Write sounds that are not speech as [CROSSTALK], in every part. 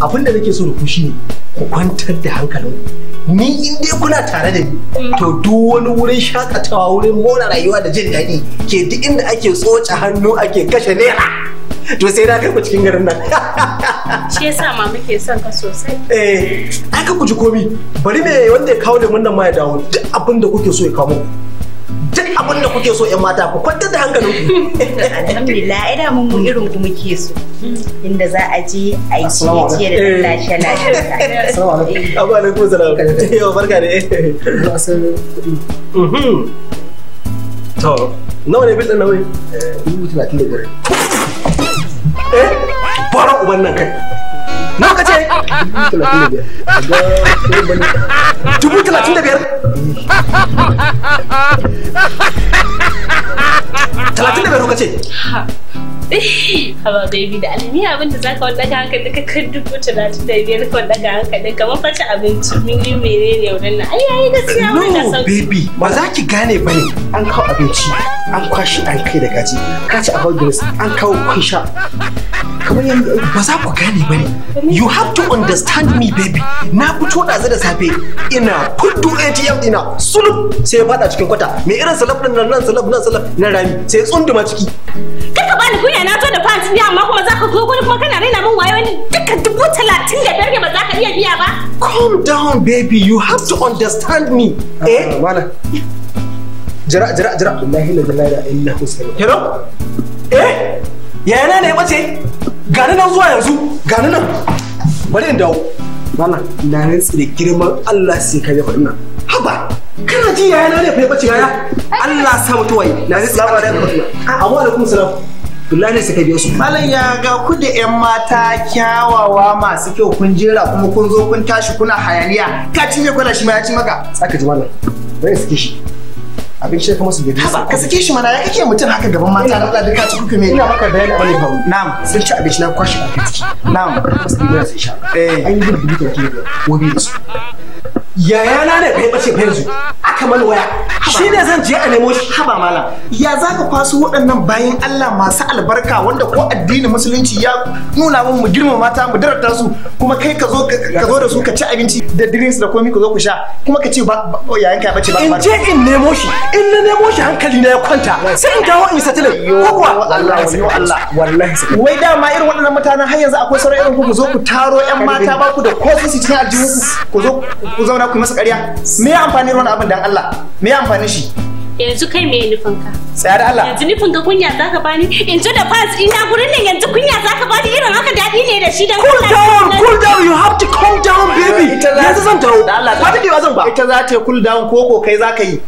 abin da nake so da ku shine ku kwantar da hankalin ni in dai kuna tare da ni to duk wani wurin shakatawa wurin mora rayuwa da jin daɗi ke duk inda ake tsoce hannu ake kashe naira to sai na kai ku cikin garin nan [LAUGHS] shi yasa ma muke son ka sosai eh ka ku ji komi bari me wanda ya kawo da mun nan ma ya dawo duk abin da kuke so ya kawo abin da kuke so yan mata ku kwantar da hankalin ku alhamdulillah ai da mun irin ku muke so inda za a je a yi ciye ciye da lashe lashe assalamu alaikum abu alaikum salam yau barka da eh to nawa ne bil din nawa eh, ne 35 eh fara uban nan kai na ka ce dubu talatin da biyar talatin da biyar Haba baby da abin da zaka wanda ka hankali ka kan dubu talatin da biyar ka wanda ka hankali mafaci abinci mini ne ai ai gaskiya sauki. baby ba za ki gane bane an kawo abinci an kwashi an kai da kaji ka ci a hau an kawo kun sha ba za ku gane ba ne you have to understand me baby na fito ɗazu da safe ina kudu atm ina sulub sai ya fada cikin kwata me irin salaf din nan salaf nan salaf na rami sai tsunduma ciki kaka ba ni kunya na to da fans ne amma kuma zaka zo gurin kuma kana raina min wayo ne duka dubu talatin da biyar ba za ka iya biya ba calm down baby you have to understand me ah, eh mana jira jira jira billahi la ilaha illa hu eh yana ne wace gani nan zuwa yanzu gani nan bari in dawo mana na nan tsire girman Allah sai ka faɗi nan haba kana ji yaya na ne fa bace yaya Allah sa mutuwa yi na nan tsire Allah ya faɗi nan alaikum salam Billahi ne suka biyo su. Malam ya ga ku da 'yan mata kyawawa masu kyau kun jera kuma kun zo kun tashi kuna hayaniya. Ka cinye kwana shi ma ya ci maka. Tsaka ji malam. Bai suke shi. abinci da kuma su gari haba ka sake shi mana ya kake mutum haka gaban mata na Allah ka ci kuka me ina maka bayani wani ba na'am sun ci abinci na kwashi a ciki na'am su gari sun sha eh an yi gudu da ke da wabi da su yayana da kai bace fa yanzu aka mana waya shi ne zan je a nemo shi haba mala ya za ka kwaso waɗannan bayan Allah masu albarka wanda ko addinin musulunci ya nuna mun mu girma mata mu darata su kuma kai ka zo ka zo da su ka ci abinci da drinks da komai ka zo ku sha kuma ka ce ba yayin ka bace ba in je in nemo shi in na nemo shi hankali na ya kwanta sai in dawo in satile ko kuwa Allah Allah wallahi wai da ma irin waɗannan mutanen har yanzu akwai sauran irin ku ku zo ku taro ƴan mata ba ku da ko su cikin aljihu ku zo ku zauna ku masa ƙarya me ya amfani wannan abin dan Allah me ya amfani amfani shi yanzu kai me nufin ka tsayar Allah yanzu nufin ka kunya zaka bani ji da pass ina gurin nan yanzu kunya zaka bani irin haka dadi ne da shi dan cool down cool down you have to calm down baby yanzu zan tawo da Allah ba ta zan ba ita za ta cool down koko kai zaka yi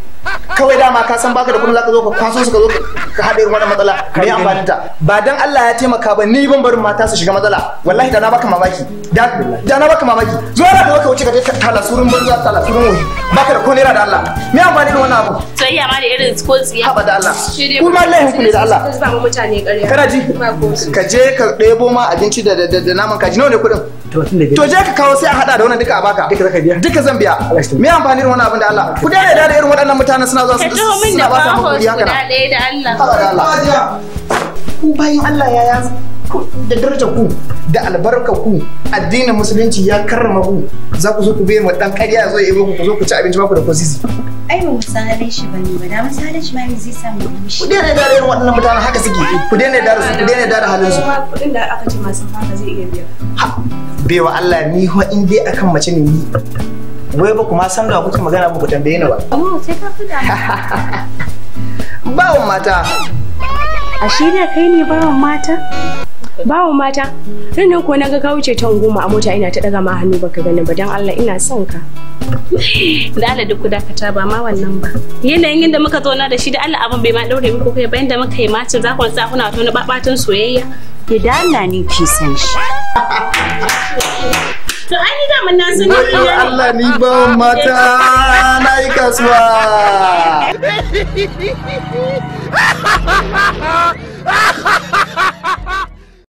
kawai dama ka san baka da kuɗin zaka zo ka kwaso su ka zo ka haɗe wani matsala me amfanin ta ba dan Allah ya taimaka ba ni ban barin mata su shiga matsala wallahi da na baka mamaki da na baka mamaki zo na da baka wuce ka ta tala surun banza tala surun wuri baka da ko naira da Allah me amfani da wannan abu soyayya ma da irin ko tsiya haba da Allah ku ma lahin ku ne da Allah mutane kana ji ka je ka ɗebo ma abinci da naman kaji nawa ne kuɗin to je ka kawo sai a hada da wannan duka a baka duka zaka biya duka zan biya me amfani irin wannan abin da Allah ku dare da irin waɗannan mutanen suna zuwa su ba ta da haka na da Allah ku bayin Allah ya ya da darajar ku da albarka ku addinin musulunci ya karrama ku za ku zo ku bai wadan kariya zo yi ku ku zo ku ci abinci ba ku da sisi ai ba mu sanar shi bane ba da mu sanar shi ne zai samu mishi ku daina da irin waɗannan mutanen haka suke ku daina da su ku daina da halin su kudin da aka ce masu fata zai iya biya ha baiwa Allah ni ho in dai akan mace ne ni wai ba kuma san da kuke magana ba ku tambaye ni ba. Oh, sai ka fi da. [LAUGHS] mata mata. shi ne kai ne bawon mata? bawon mata, Sannan ko na ga ka wuce tan goma a mota ina ta daga ma hannu baka gani ba dan Allah ina son ka. [LAUGHS] Da Allah duk da ka ba ma wannan ba. Yanayin da muka zauna da shi da Allah abin bai ma daure muku kai bayan da muka yi macin za ku sa kuna wato na babatun soyayya. Da Allah ne ki san shi. To an yi daman na san ni Allah ni ba mata na yi kasuwa. Ha [LAUGHS] ha